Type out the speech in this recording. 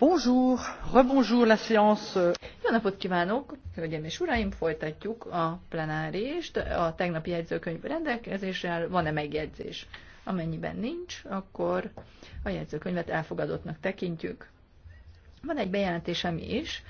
Bonjour, rebonjour la séance. Euh. Jó napot kívánok, hölgyeim és uraim, folytatjuk a plenárést. A tegnapi jegyzőkönyv rendelkezéssel van-e megjegyzés? Amennyiben nincs, akkor a jegyzőkönyvet elfogadottnak tekintjük. Van egy bejelentésem is,